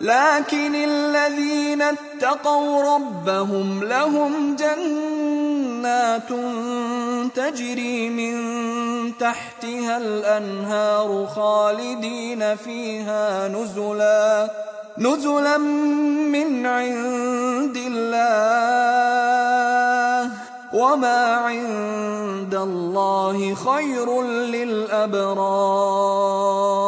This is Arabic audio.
لكن الذين اتقوا ربهم لهم جنات تجري من تحتها الانهار خالدين فيها نزلا نزلا من عند الله وما عند الله خير للابرار